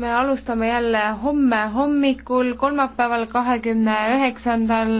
me alustame jälle homme hommikul, kolmapäeval, kahekümne üheksandal